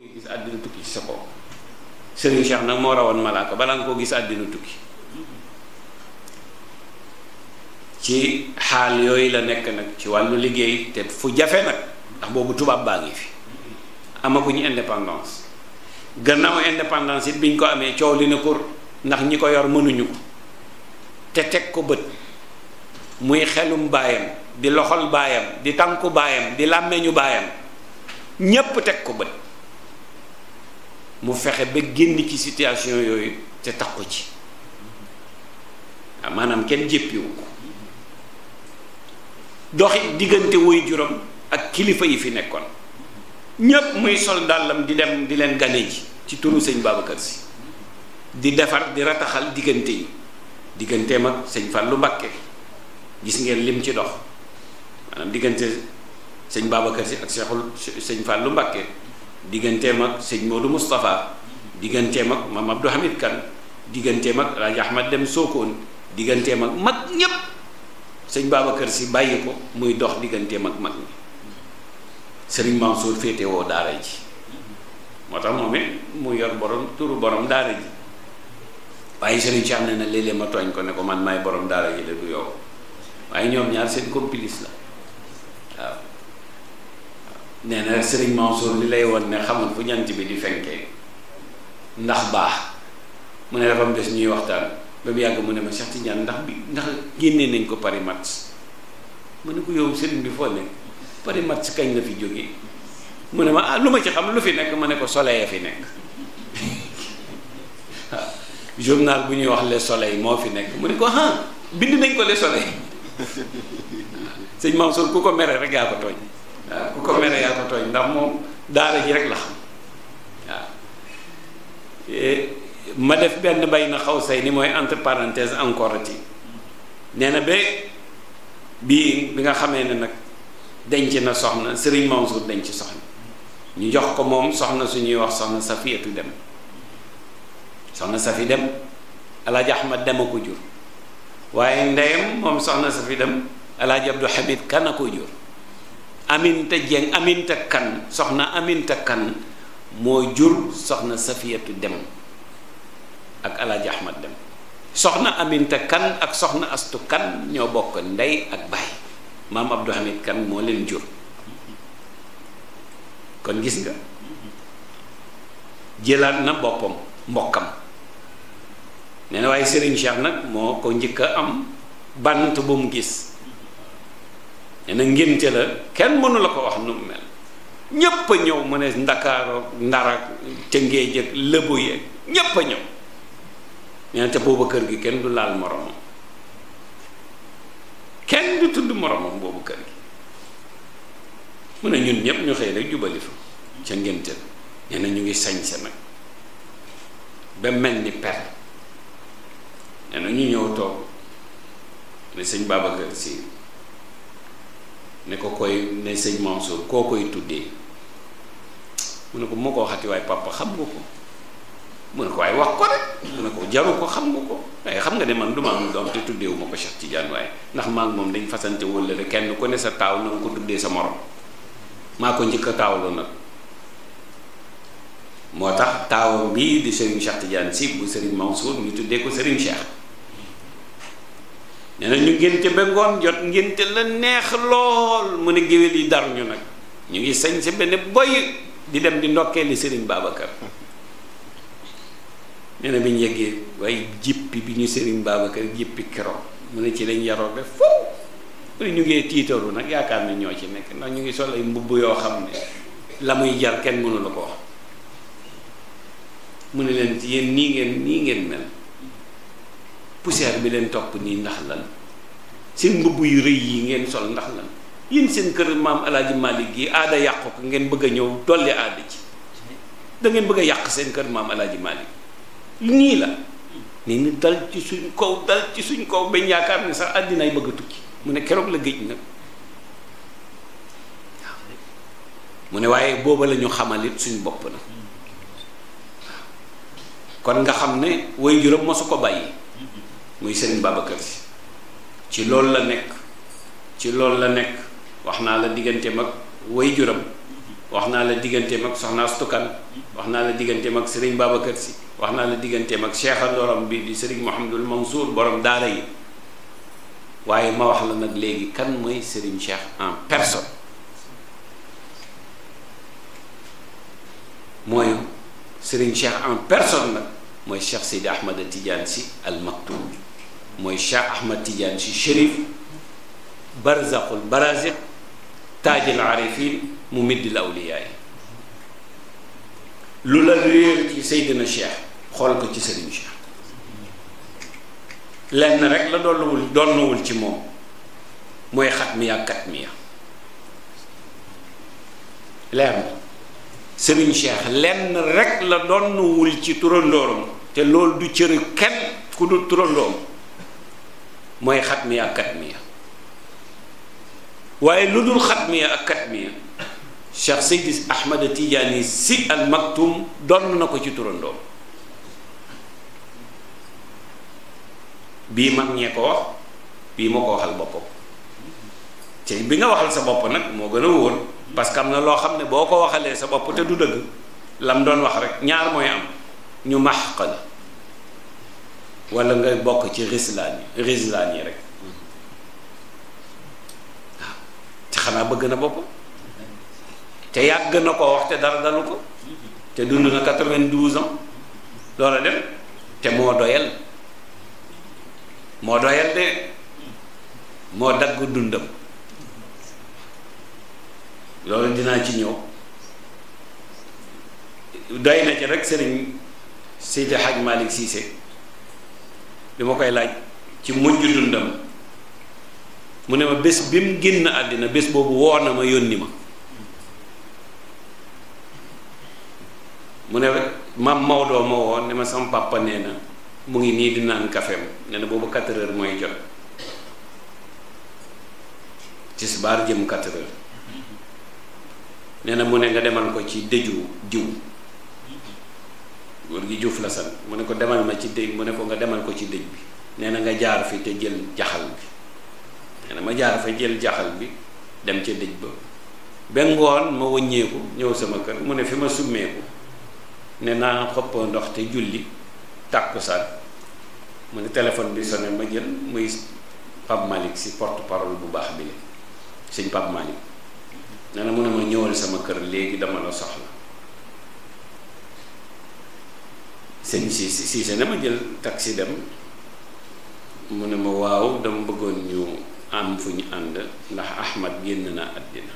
gis àddina tukki ci sa nag moo rawoon malaaka balaa nga koo gis àddina tukki ci xaal yooyu la nekk nag ci wàllu liggéey te fu jafe nag ndax boobu tubaab baa ngi fi amaguñu indépendance gannaaw indépendance it biñ ko amee coow li ne pour ndax ñi ko yor mënuñu ko te teg ko bët muy xelum baayam di loxol baayam di tànku baayam di làmmeñu baayam ñépp teg ko bët mu fexe ba génn ci situation yooyu te tax ko ci waaw ah, maanaam kenn jéppiwu ko doxi diggante woy juróom ak kilifa yi fi nekkoon ñépp muy sol dàllam di dem di leen gane ci turu sëñ Babacar si di defar di rataxal diggante yi digganteem ak sëñ lu Mbakke gis ngeen lim ci dox maanaam diggante sëñ Babacar si ak seexul sëñ Fallou Mbakke digganteem ak sëñ Modou Moustapha digganteem ak mam Abdou Hamid kan digganteem ak Alaaji Ahmad dem Sokone digganteem ak mag ñépp sëñ Babacar si bàyyi ko muy dox digganteem ak mag ñi sëriñ Mansour féete woo daara ji moo tax moom it mu yor borom turu borom daara ji waaye sëriñ si am ne na léeg-léeg ma tooñ ko ne ko man maay borom daara ji la du yow waaye ñoom ñaar seen complice la nee na Serigne Mansour li lay won ne xamul fu jant bi di fenkee ndax baax mu ne dafa am des ñuy waxtaan ba mu yàgg mu ne ma Cheikh Tidiane ndax bi ndax génnee nañ ko Paris match mu ne ko yow Serigne bi foo ne Paris match kañ la fi jógee mu ne ma ah lu ma ci xam lu fi nekk ma ne ko soleil fi nekk ah, journal bu ñuy wax le soleil moo fi nekk mu ne ko ah bind nañ ko le soleil sëñ Mansour ku ko mere rek yaa ko tooñ. ku ko mere yaa ko tooñ ndax moom daara ji rek la xam waaw e, ma def benn bay na xaw say ni mooy entre parenthèse encore ti nee na ba bii bi nga xamee ne nag denc na soxna sëriñ Serigne Mansour denc soxna ñu jox ko moom soxna su ñuy wax soxna Safiyatu dem soxna sa fi dem Alaaji Ahmad dem a ko jur waaye ndeyam moom soxna Safi dem Alaaji Abdou Hamid kan a ko jur aminta jeng aminta kan soxna aminta kan moo jur soxna safiyatu dem ak alaaji ahmad dem soxna aminta kan ak soxna astu kan ñoo bokk ndey ak baay maam abdou hamid kan moo leen jur kon gis nga jëlaat na boppam mbokkam nee na waaye sëriñ cheikh nag moo ko njëkk a am bant bu mu gis nee na ngénte la kenn mënu la ko wax nu mu mel ñépp ñëw mu ne ndakaaro ndarak te ngee jëg lëbu yeeg ñépp ñëw nee na kër gi kenn du laal moromam kenn du tudd moromam boobu kër gi mu ne ñun ñépp ñu xëy rek jubali fa ca ngénte la nee ñu ngi sañse nag ba mel ni per nee na ñu ñëw toog ne sëñ Babacar Si ne ko koy ne sëñ Mansour koo koy tuddee mu ne ko moo ko waxati waaye papa xam nga ko mu ne ko waaye wax ko rek mu ne ko jaru ko xam nga ko waaye xam nga ne man du ma doom te tuddeewu ma ko Cheikh Tidiane waaye ndax maa moom dañ fasante wëllëre kenn ko ne sa taaw na nga ko tuddee sa morom maa ko njëkk a taawloo nag moo tax taaw bii di Serigne Cheikh Tidiane si bu Serigne Mansour ñu tuddee ko Serigne Cheikh. nee na ñu ngénte ba ngoon jot ngénte la neex lool mu ne géwél yi dar ñu nag ñu ngi sañ sa benn boy di dem di ndokkeeli Serigne Babacar nee na bi ñu yeggee waaye bi ñu Serigne Babacar jippi keroog mu ne ci lañ yaroo ba foofu mu tiitaru nag yaakaar na ñoo ci nekk ndax ñu ngi sol ay mbubb yoo xam ne la muy jar kenn mënu la ko mu ne leen ci nii ngeen nii ngeen mel poussière bi leen topp nii ndax lan seen mbubb yu rëy yi ngeen sol ndax lan yéen seen kër maam alaaji Malick gi aada yàqu ko ngeen bëgg a ñëw dolli aada ci da bëgg a yàq seen kër maam alaaji Malick nii la ni ni dal ci suñ kaw dal ci suñ kaw bañ yaakaar ne sax àddinaay bëgg a tukki mu ne keroog la géej nag mu ne waaye booba la ñu xamalit suñ bopp na kon nga xam ne way juróom mosu ko bàyyi muy Serigne Babacar Sy ci loolu la nekk ci loolu la nekk wax naa la digganteem ak waajuram wax naa la digganteem ak Soxna Stukan wax naa la digganteem ak Serigne Babacar Sy wax naa la digganteem ak Cheikh Andoram bi di Serigne Mouhamadul Mansour borom daara yi waaye ma wax la nag léegi kan mooy Serigne Cheikh en personne mooy Serigne Cheikh en personne nag mooy Cheikh Seydi Ahmad Tidiane Sy al Maktoum bi mooy Cheikh Ahmad Tidiane si Chérif barzaqul baraziq taajil arifin mu middil awliyaa yi lu la réer ci Seydina Cheikh xool ko ci Serigne Cheikh lenn rek la dolluwul donnuwul ci moom mooy xatmiya ak katmiya leer na Serigne Cheikh lenn rekk la donnuwul ci turandooram te loolu du cëri kenn ku dul turandoom mooy xatmiya ak katmiya waaye lu dul xatmiya ak katmiya Cheikh Seydi Ahmad Tidiane si al maktum doon na ko ci turandoom bii mag ñee ko wax bii ma ko waxal boppam te bi nga waxal sa bopp nag moo gën a wóor parce que am na loo xam ne boo ko waxalee sa bopp te du dëgg lam doon wax rek ñaar mooy am ñu max la wala nga bokk ci rislaan yi rislaan yi rek waaw ah, te xanaa bëgg na boppam te yàgg na ko wax te dara dalu ko te dund na quatre-vingt-douze ans loola dem te moo doyal moo doyal de moo dagg dundam loolu dinaa ci ñëw doy na ci rek sëriñ Seydi Hadj Malick Cissé bi ma koy laaj ci mujj dundam mu ne ma bés bi mu génn àddina bés boobu woo na ma yónni ma mu ne ma Maodo ma woo ne ma sama nee na mu ngi nii di naan kafeem nee na boobu 4 heures mooy jot tisbaar jëm 4 heures na mu ne nga demal ko ci dëju diw góor gi Juuf la sant mu ne ko demal ma ci dëj mu ne ko nga demal ko ci dëj bi nee na nga jaar fi te jël jaxal bi nee na ma jaar fa jël jaxal bi dem ca dëj ba ba ngoon ma wëññeeku ñëw sama kër mu ne fi ma summeeku ne naa xoppoo ndox te julli tàkkusaan mu ne téléphone bi sone ma jël muy Pape Malick si port parole bu baax bi la sëñ Pape Malick nee na mu ne ma ñëwal sama kër léegi dama la soxla sëñ si ne ma jël taxi dem mu ne ma waaw dama bëggoon ñu am fu ñu ànd ndax Ahmad génn na àddina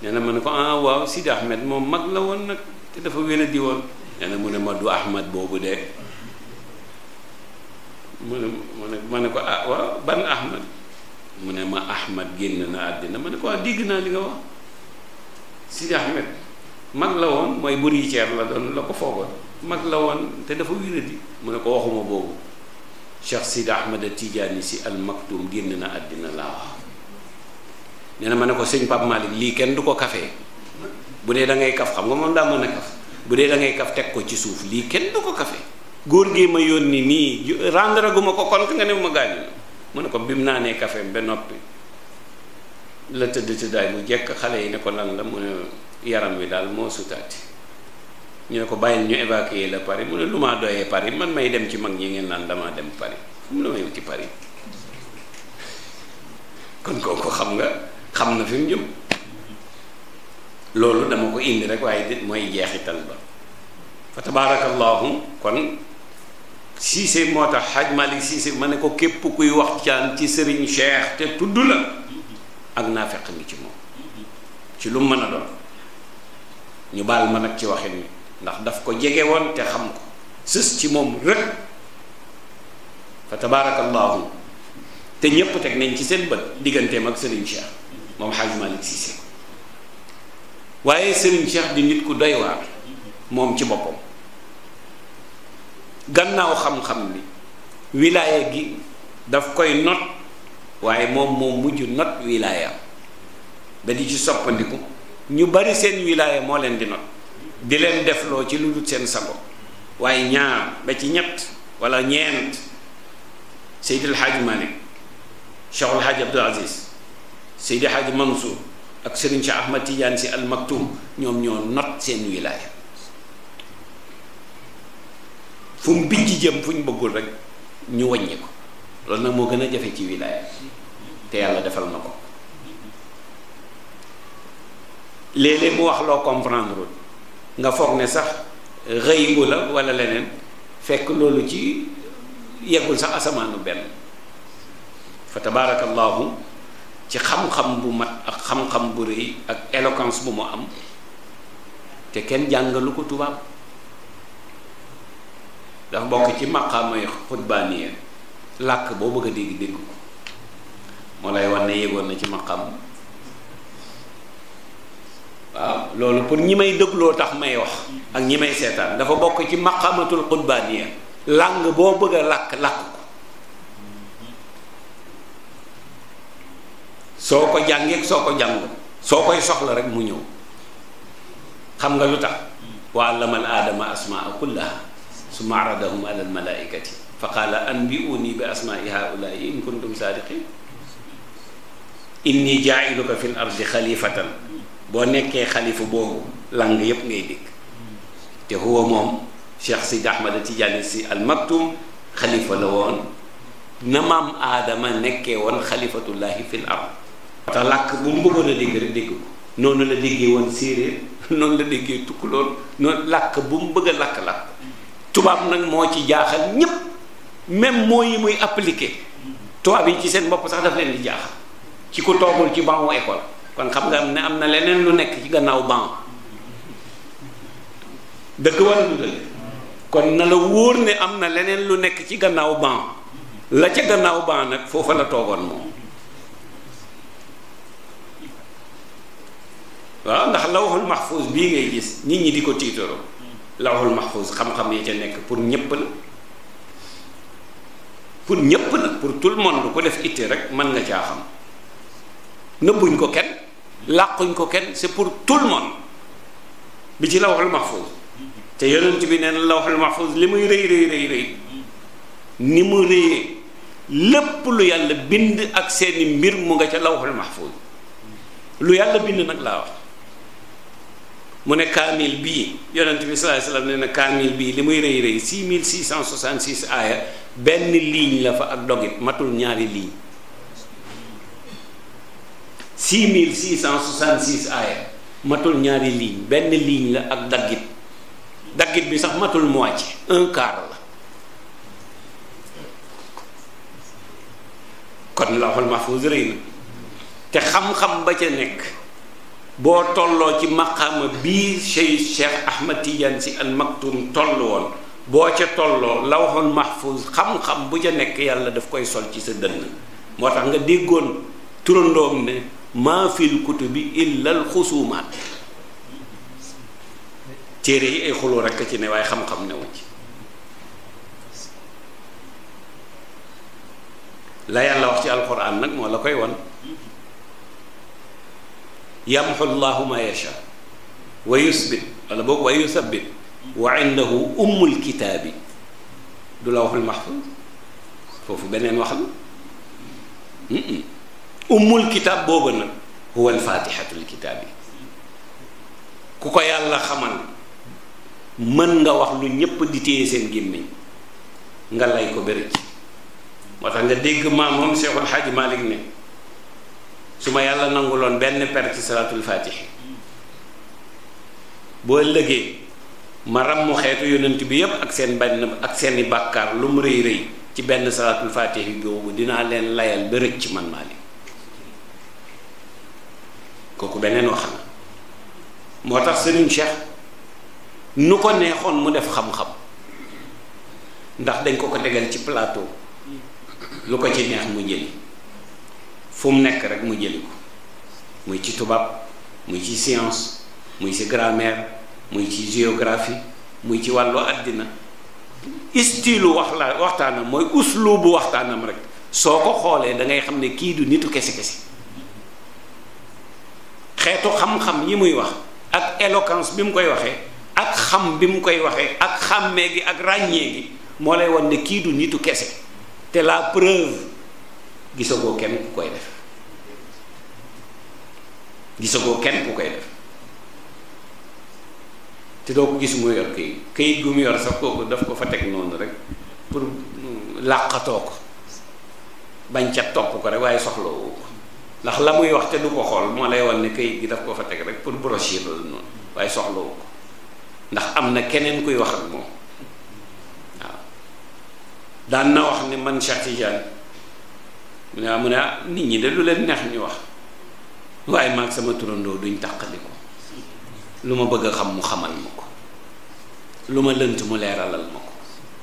nee ma ne ko ah waaw Sidi Ahmed moom mag la woon nag te dafa wéna di woon nee mu ne ma du Ahmad boobu de mu ne ma ne ko ah waaw ban Ahmad mu ne ma Ahmad génn na àddina ma ne ko ah dégg naa li nga wax Sidi Ahmed mag la woon mooy bourricière la doon la ko foogoon mag la woon te dafa wéradi mu ne ko waxuma boobu Cheikh Sidi Ahmed Tidiane si al génn na àddina laa wax nee na ma ne ko sëñ Pape lii kenn du ko kafee bu dee da ngay kaf xam nga moom daa mën a kaf bu dee da ngay kaf teg ko ci suuf lii kenn du ko kafee góor gee ma yónni nii rendre gu ma ko compte nga ne ma gaañu na mu ne ko bim naa nee kafeem ba noppi la tëdd tëddaay bu jekk xale yi ne ko la ne yaram wi daal moo sutaati ñoo ko bàyyil ñu évacuer la Paris mu ne lu maa doyee Paris man may dem ci mag ñi ngeen naan damaa dem Paris fu mu la may wuti Paris kon kooku xam nga xam na fi mu jëm loolu dama ko indi rek waaye dit mooy jeexital ba fa tabaarakallaahu kon siise moo tax xaj Malik siise ma ne ko képp kuy wax waxtaan ci sëriñ Cheikh te tudd la ak naafeq ngi ci moom ci lu mu mën a doon ñu baal ma nag ci waxin wi ndax daf ko jege woon te xam ko sës ci moom rek fa tabaarakallaahu te ñépp teg nañ ci seen bët digganteem ak Serigne Cheikh moom Hadj Malick Cissé waaye Serigne Cheikh di nit ku doy waar moom ci boppam gannaaw xam-xam bi wilaaya gi daf koy not waaye moom moo mujj not wilaayam ba di ci soppandiku ñu bari seen wilaaya moo leen di not di leen defloo ci lu dul seen sago waaye ñaar ba ci ñett walla ñeent Seydil Hadj Malick Cheikhul Hadj Abdou Aziz Seydi Hadj Mansour ak Serigne Cheikh Ahmad si Al Maktoum ñoom ñoo not seen wilaaya fu mu bijj jëm fu ñu bëggul rek ñu wàññi ko loolu nag moo gën a jafe ci wilaaya te yàlla defal na ko léeg-léeg mu wax loo comprendre nga foog ne sax rëyibu la walla leneen fekk loolu ci yeggul sax asamaanu benn fa tabaarakallaahu ci xam-xam bu mat ak xam-xam bu rëy ak éloquence bu mu am te kenn jàngalu ko tubaab dafa bokk ci maqaamay xutbaaniya làkk boo bëgg a dégg dégg ko moo lay wax ne yéegoon na ci maqaam waaw loolu pour ñi may dëgloo tax may wax ak ñi may seetaan dafa bokk ci maxamatul qurbaaniya làng boo bëgg a làkk làkk ko soo ko jàngeek soo ko jàngul soo koy soxla rek mu ñëw xam nga lu tax wa allama al aadama asmaa kullaha summa aradahum ala al malaikati fa qaala anbiuni bi asmaai haulaai in kuntum saadiqin inni jaa'iluka fi l ardi boo nekkee xalifa boobu lang yépp ngay dégg te huwa moom Cheikh Sidi Ahmada Tijaani si al maktum xalifa la woon na maam aadama nekkee woon xalifatullahi fil ard te làkk bu mu bëggoon a dégg rek noonu la déggee woon séeréer noonu la déggee tukkuloon noonu làkk bëgg a làkk-làkk tubaab nag moo ci jaaxal ñépp même moo yi muy appliqué tubaab yi ci seen bopp sax daf leen di jaaxal ci ko toogul ci banc école kon xam nga ne am na leneen lu nekk ci gannaaw banc dëgg wala du dëgg kon na la wóor ne am na leneen lu nekk ci gannaaw banc la ca gannaaw banc nag foofa la toogoon moom waaw ndax lawhul mahfuz bii ngay gis nit ñi di ko tiitaroo lawhul mahfuz xam-xam yi ca nekk pour ñépp la pour ñépp nag pour tout le monde ku def itti rek mën nga caa xam nëbbuñ ko kenn làquñ ko kenn c'est pour tout le monde bi ci lawhul mahfuz te yonent bi nee na lawhul mahfuz li muy rëy rëy rëy ni mu réyee lépp lu yàlla bind ak seeni mbir mu nga ca lawhul mahfuz lu yàlla bind nag laa wax mu ne kaamil bii yonent bi sallallahu alayhi wasallam nee na kaamil bii li muy rëy rëy 6666 aaya benn ligne la fa ak dogit matul ñaari ligne 6666 aaya matul ñaari ligne benn ligne la ak daggit daggit bi sax matul moitié un quart la kon lawhul mahfuz rëy na te xam-xam ba ca nekk boo tolloo ci maqaama bii sey Cheikh Ahmad Tidiane si al maktum toll woon boo ca tolloo lawhul mahfuz xam-xam bu ca nekk yàlla daf koy sol ci sa dënn moo tax nga déggoon turandoom ne maa fil kutubi illal xusumaat téere yi ay xuloo rekk ci ne waaye xam-xam newu ci la yàlla wax ci alquran nag moo la koy wan yamxu llahu ma yacha wa yusbit wala boog wa yusabit wa indahu ummul kitaabi du la waxul wax la ummul kitaab booba nag huwal faatixatul kitaab yi ku ko yàlla xamal mën nga wax lu ñépp di téye seen gémmiñ nga lay ko bërëj moo tax nga dégg maam moom Seexul Xaaji Maalik ne su ma yàlla nanguloon benn per ci salaatul faatixi boo ëllëgee ma ràmmu xeetu yonent bi yépp seeni bàkkaar lu mu rëy rëy ci benn salaatul faatixi boobu dinaa leen layal ba rëcc man Maalik kooku beneen wax la moo tax Serigne Cheikh nu ko neexoon mu def xam-xam ndax dañ ko ko tegal ci plateau lu ko ci neex mu jëli fu mu nekk rek mu jëli ko muy ci tubaab muy ci science muy ci grammaire muy ci géographie muy ci wàllu àddina istilu wax la waxtaanam mooy bu waxtaanam rek soo ko xoolee da ngay xam ne kii du nitu kese kese xeetu xam-xam yi muy wax ak éloquence bi mu koy waxee ak xam bi mu koy waxee ak xàmmee gi ak ràññee gi moo lay wan ne kii du nitu kese te la preuve gisagoo kenn ku koy def gisagoo kenn ku koy def te doo ko gis mu yor këyit këyit gu mu yor sax kooku daf ko fa teg noonu rek pour làqatoo ko bañ ca topp ko rek waaye soxlawoo ko ndax la muy wax te du ko xool moo lay wan ne kayit gi daf ko fa teg rek pour brocher loolu noonu waaye soxlawu ko ndax am na keneen kuy wax ak moom waaw daan na wax ne man Cheikh Tidiane mu ne ah, mu ne ah nit ñi de lu leen neex ñu wax waaye maag sama turandoo duñ tàqali ko lu ma bëgg xam mu xamal ma ko lu ma lënt mu leeralal ma ko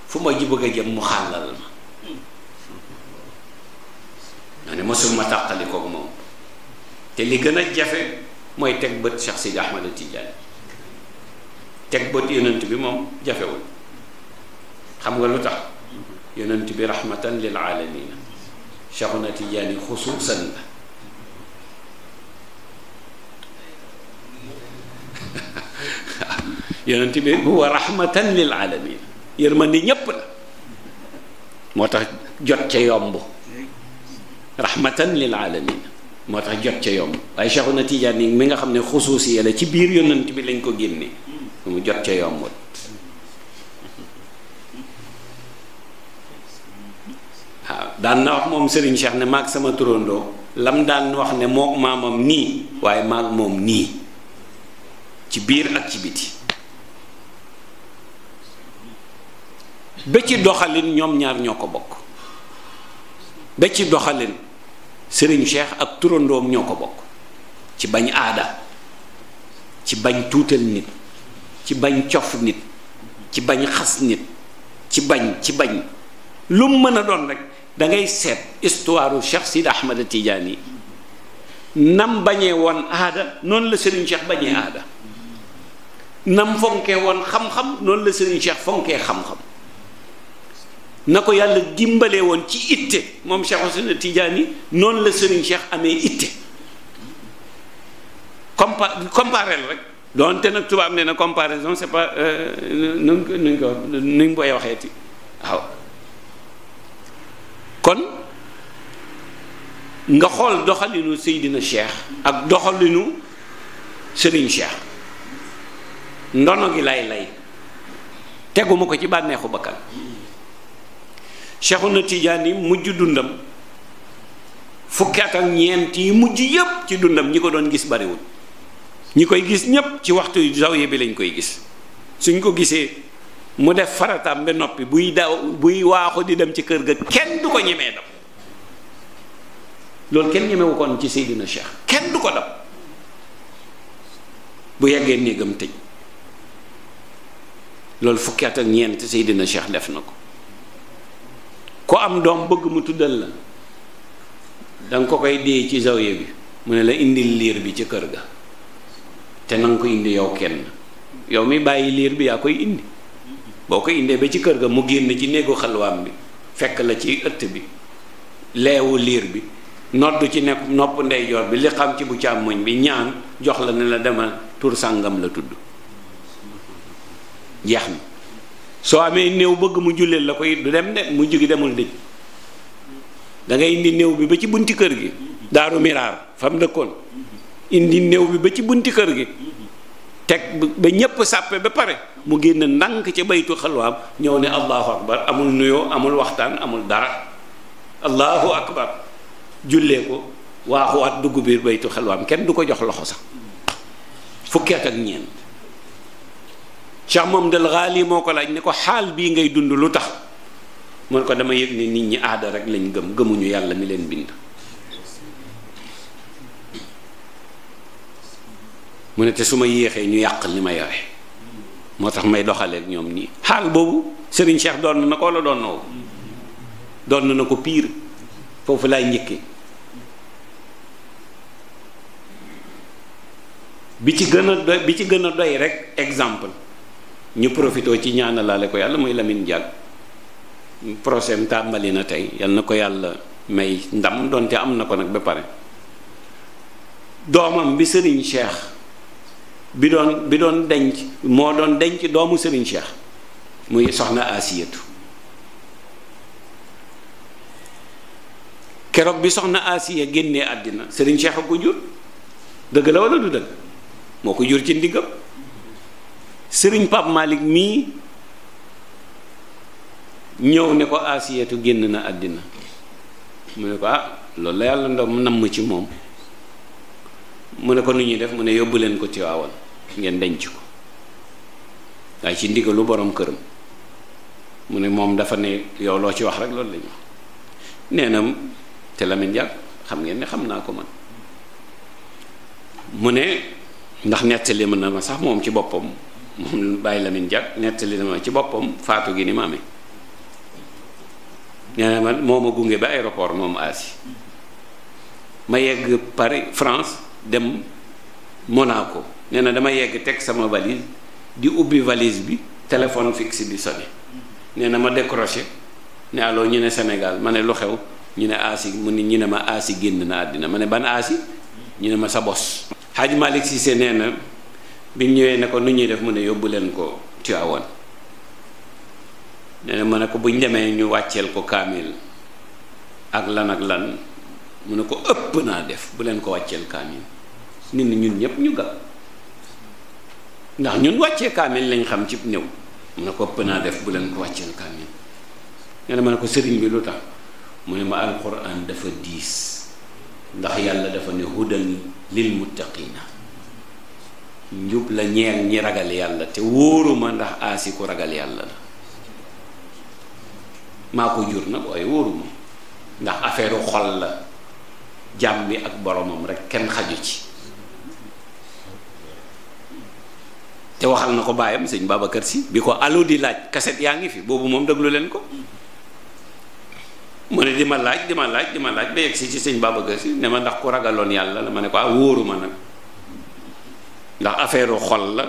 fu ma ji bëgg a jëm mu xàllal ma ma ne mosuma tàqali koog moom te li gën a jafe mooy teg bët Cheikh Sidi Ahmad Tidiane teg bët yonent bi moom jafewul xam nga lu tax yonent bi rahmatan lil aalamiina Cheikhuna Tidiane xusuusan la yonent bi huwa rahmatan lil aalamiina ni ñépp la moo tax jot ca yomb rahmatan lil alamin moo tax jot ca yomb waaye Cheikhuna Tidiane yi mi nga xam ne xusuusi la ci biir yonent bi lañ ko génne mu jot ca yombut waaw daan na wax moom Serigne Cheikh ne maag sama turandoo lam daan wax ne moo maamam nii waaye maag moom nii ci biir ak ci biti ba ci doxalin ñoom ñaar ñoo ko bokk ba ci doxalin sëriñ Cheikh ak turandoom ñoo ko bokk ci bañ aada ci bañ tuutal nit ci bañ cof nit ci bañ xas nit ci bañ ci bañ lu mu mën a doon rek da ngay seet histoire u Cheikh Sidi tiijaan yi nam bañee woon aada noonu la sëriñ Cheikh bañee aada nam fonkee woon xam-xam noonu la sëriñ Cheikh fonkee xam-xam na ko yàlla dimbalee woon ci itte moom Cheikh tiijaan yi noonu la Serigne Cheikh amee itte compa comparé rek doonte nag tubaab nee na comparaison c'est pas nuñ euh, nuñ ko nuñ koy waxeeti waaw kon nga xool doxalinu Seydina Cheikh ak doxalinu Serigne Cheikh ndono gi lay lay teguma ko ci bànneexu bakkan Cheikhuna yi mujj dundam fukki at ak ñeent yi mujj yépp ci dundam ñi ko doon gis bariwul ñi koy gis ñépp ci waxtu zawiya bi lañ koy gis suñ ko gisee mu def farataam ba noppi buy daw buy waaxu di dem ci kër ga kenn du ko ñemee dam loolu kenn ñemewu koon ci Seydina Cheikh kenn du ko dam bu yeggee néegam tëj loolu fukki ak ñeent Seydina Cheikh def na ko ku am doom bëgg mu tuddal la danga ko koy dee ci zawiya bi mu ne la indil liir bi ci kër ga te nanga ko indi yow kenn yow mi bàyyi liir bi yaa koy indi boo ko indee ba ci kër ga mu génn ci néegu xalwaam bi fekk la ci ëtt bi leewu liir bi nodd ci nekk noppu ndeyjoor bi li xam ci bu càmmoñ bi ñaan jox la ne la demal tur sàngam la tudd jeex na soo amee néew bëgg mu julleel la koy du dem de mu jugi demul dëj da indi néew bi ba ci bunti kër gi daaru miraar fam dëkkoon indi néew bi ba ci bunti kër gi teg ba ñépp sàppee ba pare mu génn ndànk ci baytu xalwaam ñëw ne allahu akbar amul nuyoo amul waxtaan amul dara allahu akbar jullee ko waaxuwaat dugg biir baytu xalwaam kenn du ko jox loxo sax fukki at ak ñeent Cheikh Mamadou Ghali moo ko laaj ne ko xaal bii ngay dund lu tax mu ne ko dama yëg ne nit ñi aada rek lañ gëm gëmuñu yàlla ni leen bind mu ne te su ma yéexee ñu yàq li ma yore moo tax may doxaleek ñoom nii xaal boobu Serigne Cheikh doon na ko wala doon na ko doon na ko piir foofu laay njëkkee bi ci gën a doy bi ci gën a doy rek exemple ñu profitoo ci ñaanalaale ko yàlla muy Lamine Diack procès tàmbali na tey yal na ko yàlla may ndam donte am na ko nag ba pare doomam bi sëriñ Cheikh bi doon bi doon denc moo doon denc doomu sëriñ Cheikh muy soxna Asiyatu keroog bi soxna Asiya génnee àddina sëriñ Cheikh a ko jur dëgg la wala du dëgg moo ko jur ci ndiggam sëriñ Pape Malick mii ñëw ne ko asiyatu génn na àddina mu ne ko ah loolu la yàlla ndox mu namm ci moom mu ne ko nu ñuy def mu ne yóbbu leen ko Tiwaawan ngeen denc ko waaye ci ndigalu boroom këram mu ne moom dafa ne yow loo ci wax rek loolu lañu ñu wax nee na te Lamine Diack xam ngeen ne xam naa ko man mu ne ndax nettali ma na ma sax moom ci boppam moom bàyyi Lamine Diack nettali na ma ci boppam faatu gi ni ma amee nee ma moo ma gunge ba aéroport moom Asi ma yegg Paris France dem Monaco nee na dama yegg teg sama valise di ubbi valise bi téléphone fixe bi sonné nee na ma décroché ne allo ñu ne Sénégal ma ne lu xew ñu ne Asi mu ne ñu ne ma Asi génn na àddina ma ne ban Asi ñu ne ma sa bos. Hadj Malick Cissé nee na. bi mu ñëwee ne ko nu ñuy def mu ne yóbbu leen ko Tiwaawan nee na ma ne ko buñ demee ñu wàcceel ko kaamil ak lan ak lan mu ne ko ëpp naa def bu leen ko wàcceel kaamil nit ñi ñëpp ñu gàpp ndax ñun wàccee kaamil lañ xam ci néew mu ne ko ëpp def bu leen ko wàcceel kaamil nee na ne ko sëriñ bi lu tax mu ne ma alquran dafa diis ndax yàlla dafa ne hudan lil muttaqina njub la ñeel ñi ragal yàlla te wóoruma ndax aasi ku ragal maa ko jur nag waaye wóoruma ndax affaire xol la jàmm bi ak boromam rek kenn xaju ci te waxal na ko baayam sëñ Babacar Si bi ko allo di laaj kaset yaa ngi fi boobu moom déglu leen ko mu ne di ma laaj di laaj di ma laaj ba yegg ci sëñ Babacar ne ma ndax ku ragaloon yàlla la ma ne ko ah wóoruma nag ndax affaire xol la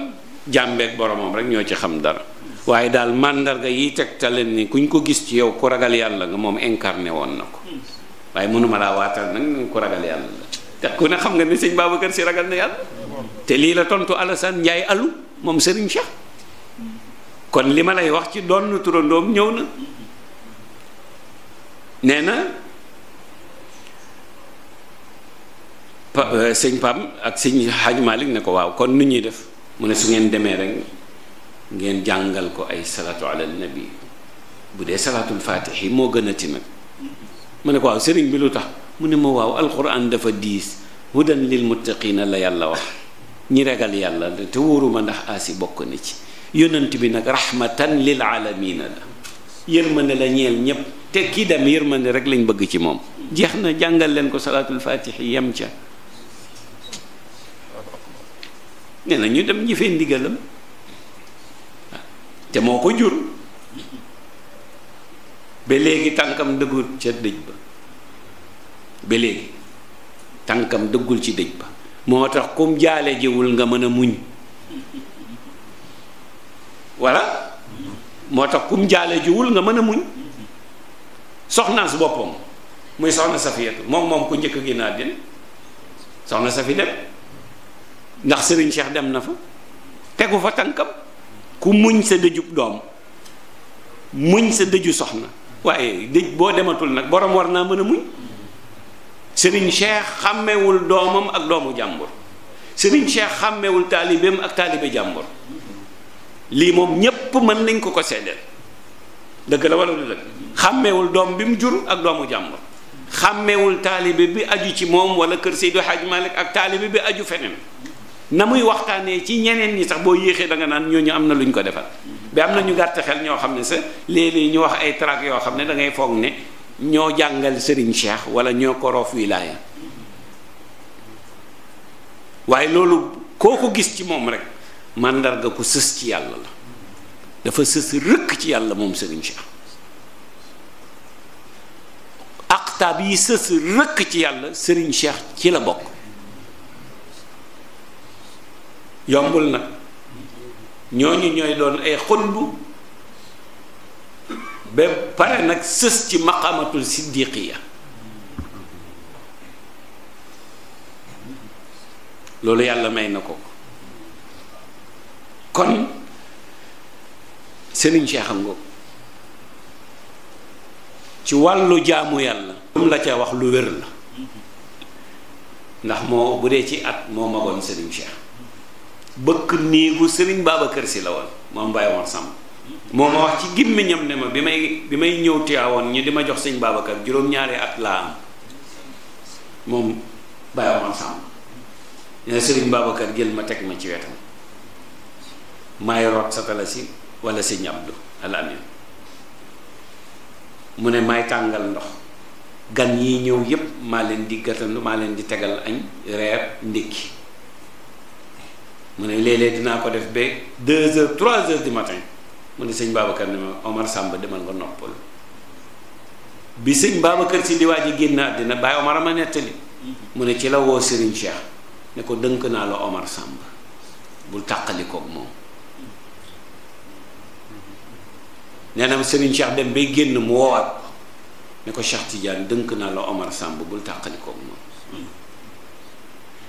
jàmbeeg boromam rek ñoo ci xam dara waaye daal màndarga yi tegtale ni kuñ ko gis ci yow ku ragal yàlla nga moom incarné woon na ko waaye mënuma laa waatal nag ku ragal yàlla la te ku ne xam nga ni sëñ Babacar si ragal na yàlla te lii la tontu Alassane Ndiaye alu moom sëriñ Cheikh kon li ma lay wax ci doon turandoom ñëw na nee na pa eh, sëñ Pam ak sëñ Hadj Malick ne ko waaw kon nu ñuy def mu ne su ngeen demee rek ngeen jàngal ko ay salaatu ala bu dee salaatul faatihi moo gën a ti nag mu ne ko waaw sëriñ bi lu tax mu ne ma waaw alquran dafa diis hudan lil muttaqina la yàlla wax ñi ragal yàlla te wóoruma ndax aasi bokk na ci yonent bi nag rahmatan lil alamina la yërmande la ñeel ñépp te kii dem yërmande rek lañ bëgg ci moom jeex na jàngal leen ko salaatul faatihi yem ca nee na ñu dem ñi fee ndigalam te moo ko jur ba léegi tànkam dëggul ca dëj ba ba léegi tànkam dëggul ci dëj ba moo tax kum jaale jiwul nga mën a muñ voilà moo tax kum jaale jiwul nga mën a muñ soxnaa su boppam muy soxna Safiyatu moom moom ku njëkk a génn àddina soxna Safi dem ndax sëriñ Cheikh dem na fa tegu fa tànkam ku muñ sa dëjub doom muñ sa dëju soxna waaye dëj boo dematul nag boroom war naa mën a muñ sëriñ Cheikh xàmmewul doomam ak doomu jàmbur sëriñ Cheikh xàmmewul taalibeem ak taalibe lii moom ñépp mën nañ ko ko seddeel dëgg la wala du dëgg xàmmewul doom bi mu jur ak doomu jàmbur xàmmewul taalibe bi aju ci moom wala kër Seydou Hadj Malick ak taalibe bi aju feneen na muy waxtaanee ci ñeneen ñi sax boo yéexee danga naan ñooñu am na lu ñu ko defal bi am na ñu gàtt xel ñoo xam ne sax léeg-léeg ñu wax ay tract yoo xam ne dangay ngay foog ne ñoo jàngal Serigne Cheikh wala ñoo ko roof wilaaya waaye loolu koo ko gis ci moom rek màndarga ku sës ci yàlla la dafa sës rëkk ci yàlla moom Serigne Cheikh aqtaab yi sës rëkk ci yàlla Serigne Cheikh ci la bokk. yombul nag ñooñu ñooy doon ay xutbu ba pare nag sës ci maqamatul siddiqiya loolu yàlla may na ko kon Serigne Cheikh Ngom ci wàllu jaamu yàlla moom la ca wax lu wér la ndax moo bu dee ci at moo magoon Serigne Cheikh bëkk néegu sëriñ Babacar si la woon moom Baye Omar Samb moo wax ci gémmiñam ne ma bi may bi may ñëw Tiwaawoon ñu di ma jox sëñ Babacar juróom-ñaari at laa am moom Baye Omar Samb ne sëriñ Babacar jël ma teg ma ci wetam maay root satala si wala sëñ Abdou al Amin mu ne may tàngal ndox gan yi ñëw yépp maa leen di gàttandu maa leen di tegal añ reer ndékki mu ne léeg-léeg dinaa ko def ba deux heures trois heures du matin mu ne sëñ Babacar ne ma Omar Samba demal nga noppal bi sëñ Babacar si di waaj a génn àddina bàyyi Omar ma nettali mu ne ci la woo Serigne Cheikh ne ko dënk naa la Omar Samba bul tàqali koog nee na Serigne Cheikh dem génn mu ko Cheikh Tidiane dënk naa la Omar bul tàqali koog moom.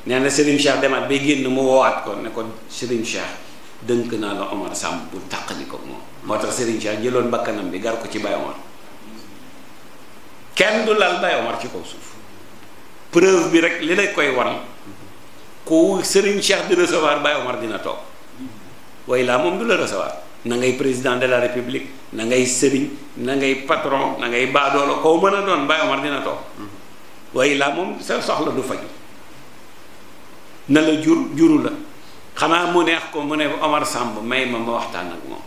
nee na Serigne Cheikh demaat bay génn mu woowaat ko ne ko Serigne Cheikh dënk naa la Omar Samb bu tàqali ko moom moo tax Serigne Cheikh jëloon bakkanam bi gar ko ci Baye Omar kenn du lal Baye Omar ci kaw suuf preuve bi rek li la koy war wan ku Serigne Cheikh di recevoir Baye Omar dina toog way laa moom du la recevoir na ngay président de la république na ngay sëriñ na ngay patron na ngay baadoolo koo mën a doon Baye Omar dina toog way laa moom sa soxla du faj na jur juru la xanaa mu neex ko mu ne Omar Samb may ma ma waxtaan ak moom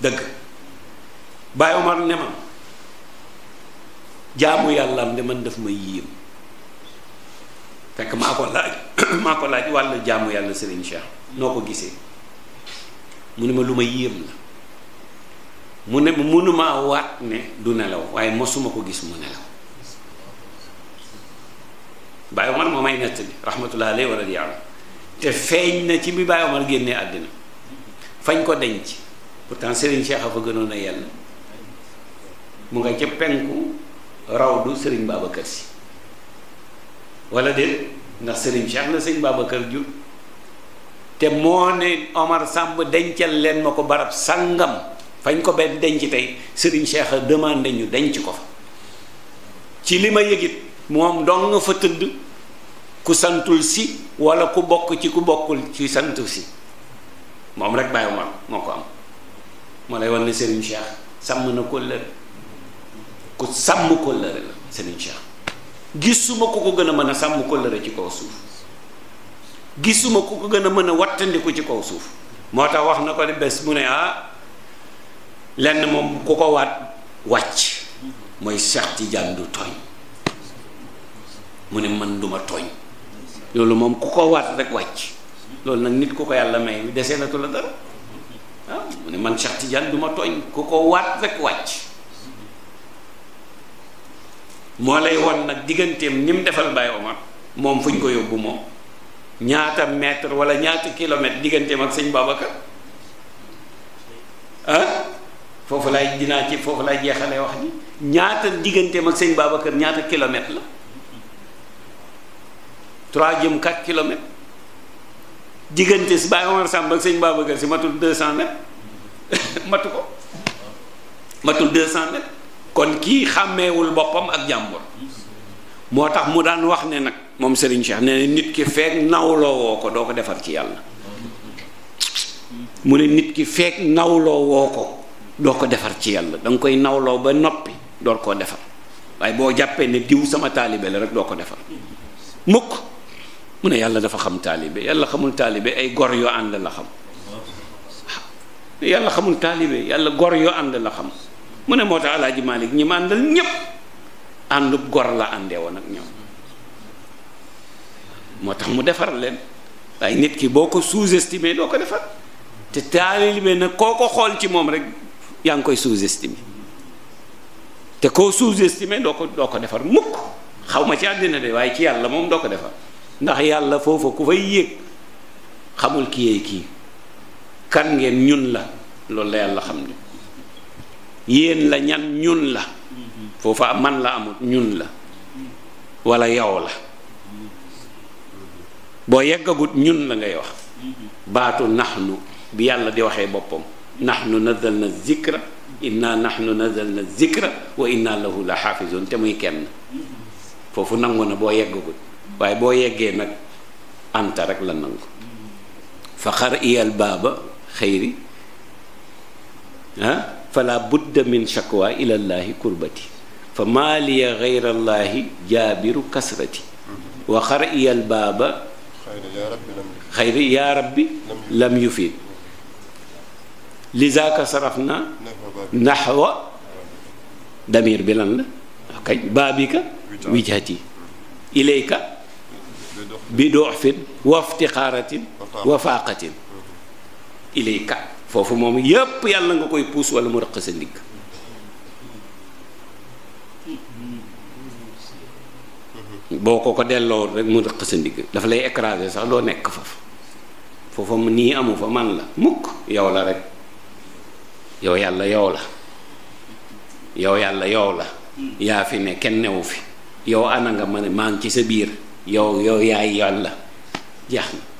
dëgg Baye Omar ne ma jaamu yàllaam de man daf ma yéem fekk maa ko laaj maa ko laaj wàllu jaamu yàlla Serigne Cheikh noo ko gisee mu ne ma lu ma yéem la mu ne mënumaa waat ne du nelaw waaye mosuma ko gis mu nelaw Baay Omar moo may nettali rahmatullahi alayhi wa radiya anhu te feeñ na ci bi Baay Omar génnee àddina fañ ko denc pourtant Serigne Cheikh a fa gënoon a yàlla mu nga ca penku sëriñ Serigne Babacar si wala déet ndax Serigne Cheikh la Serigne Babacar jur te moo ne Omar Samb dencal leen ma ko barab sàngam fañ ko benn denc tey Serigne Cheikh a demandé ñu denc ko ci li ma yëgit moom dong fa tëdd ku santul si walla ku bokk ci ku bokkul ci santu si moom rek bàyyi moom moo ko am moo lay wan ne Serigne Cheikh sàmm na kóllëre ku sàmm kóllëre la Serigne Cheikh gisuma ku ko gën a mën a sàmm kóllëre ci kaw suuf gisuma gën a mën a wattandiku ci kaw suuf moo tax wax na ko ne bés mu ne ah lenn moom ku ko waat wàcc mooy Cheikh Tidiane du tooñ mu ne man duma tooñ loolu moom ku ko waat rek wàcc loolu nag nit ku ko yàlla may desee natu la dara mu ne man Cheikh Tidiane du ma tooñ ku ko waat rek wàcc moo lay won nag digganteem ni mu defal Baye Omar moom fuñ ko yóbbu moom ñaata mètre wala ñaata kilomètre digganteem ak sëñ Babacar ah foofu laay dinaa ci foofu laay jeexalee wax ni ñaata digganteem ak sëñ Babacar ñaata kilomètre la trois jëm quatre kilomètres diggante si Baye Omar Samb ak sëñ Babacar si matul deux cent mètres matu ko matul deux cent mètres kon kii xàmmewul boppam ak jàmbur moo tax mu daan wax ne nag moom Serigne Cheikh ne nit ki feek nawloo woo ko doo ko defar ci yàlla mu ne nit ki feek nawloo woo ko doo ko defar ci yàlla danga koy nawloo ba noppi door koo defar waaye boo jàppee ne diw sama taalibe la rek doo ko defar mukk mu ne yàlla dafa xam taalibe yàlla xamul taalibe ay gor yoo ànd la xam yàlla xamul taalibe yàlla gor yoo ànd la xam mu ne moo tax alaaji Malick ñi ma àndal ñépp àndub gor la àndee woon ak ñoom moo tax mu defar leen waaye nit ki boo ko sous-estimé doo ko defar te taalibe nag koo ko xool ci moom rek yaa ngi koy sous-estimé te koo sous-estimé doo ko doo ko defar mukk xaw ma ci àddina de waaye ci yàlla moom doo ko defar ndax yàlla foofa ku fay yéeg xamul ki yéey kii kan ngeen ñun la loolu la yàlla xam ne yéen la ñan ñun la foofa man la amut ñun la wala yow la boo yeggagut ñun la ngay wax baatu naxnu bi yàlla di waxee boppam naxnu nazal na zikra inna naxnu nazal na zikra wa inna lahu la xaafisun te muy kenn foofu nangu na boo yeggagut waaye boo yeggee nag anta rek la nangu fa xar iyal baaba xëyri ah fala budda min shakwa ilallaahi kurbati fa maaliya xayrallaahi jaabiru kasrati wa xar iyal baaba xayri yaa rabbi lam yufiid lizaaka saraf na naxwa damir bi lan la kañ baabika wijhati ilayka bi doxfin waftiqaaratin wa faaqatin ilayka foofu moom yépp yàlla nga koy puus walla mu rëq sa ndigg boo ko ko delloo rek mu rëq sa ndigg dafa lay écraser sax doo nekk foofu foofa nii amu fa man la mukk yow la rek yow yàlla yow la yow yàlla yow la yaa fi ne kenn newu fi yow ana nga ma ne maa ngi ci sa biir yow yow yaay yàlla jeex na